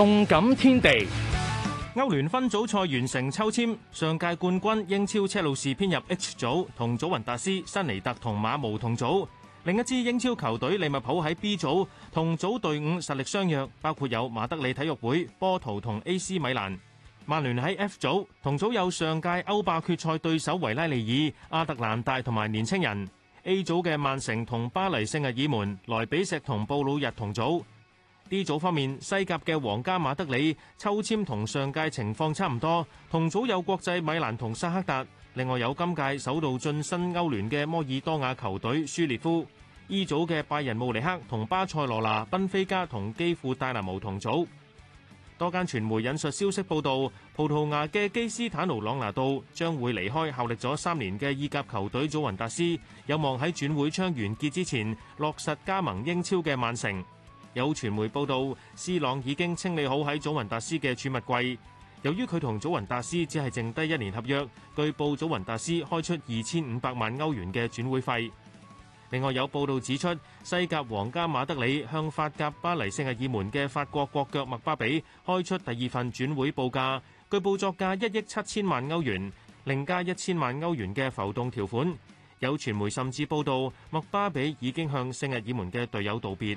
動感天地，歐聯分組，組賽完成抽籤，上屆冠軍英超車路士編入 H 組，同祖雲達斯、新尼特同馬毛同組。另一支英超球隊利物浦喺 B 組，同組隊伍實力相若，包括有馬德里體育會、波圖同 AC 米蘭。曼聯喺 F 組，同組有上屆歐霸決賽對手維拉利爾、阿特蘭大同埋年青人。A 組嘅曼城同巴黎聖日耳門、萊比錫同布魯日同組。D 組方面，西甲嘅皇家馬德里抽簽同上屆情況差唔多，同組有國際米蘭同沙克達，另外有今屆首度晉身歐聯嘅摩爾多瓦球隊舒列夫。E 組嘅拜仁慕尼黑同巴塞羅那、賓菲加同基輔戴拿模同組。多間傳媒引述消息報道，葡萄牙嘅基斯坦奴朗拿度將會離開效力咗三年嘅意甲球隊祖雲達斯，有望喺轉會窗完結之前落實加盟英超嘅曼城。有傳媒報道，C 朗已經清理好喺祖雲達斯嘅儲物櫃。由於佢同祖雲達斯只係剩低一年合約，據報祖雲達斯開出二千五百萬歐元嘅轉會費。另外有報導指出，西甲皇家馬德里向法甲巴黎聖日耳門嘅法國國腳麥巴比開出第二份轉會報價，據報作價一億七千萬歐元，另加一千萬歐元嘅浮動條款。有傳媒甚至報道，麥巴比已經向聖日耳門嘅隊友道別。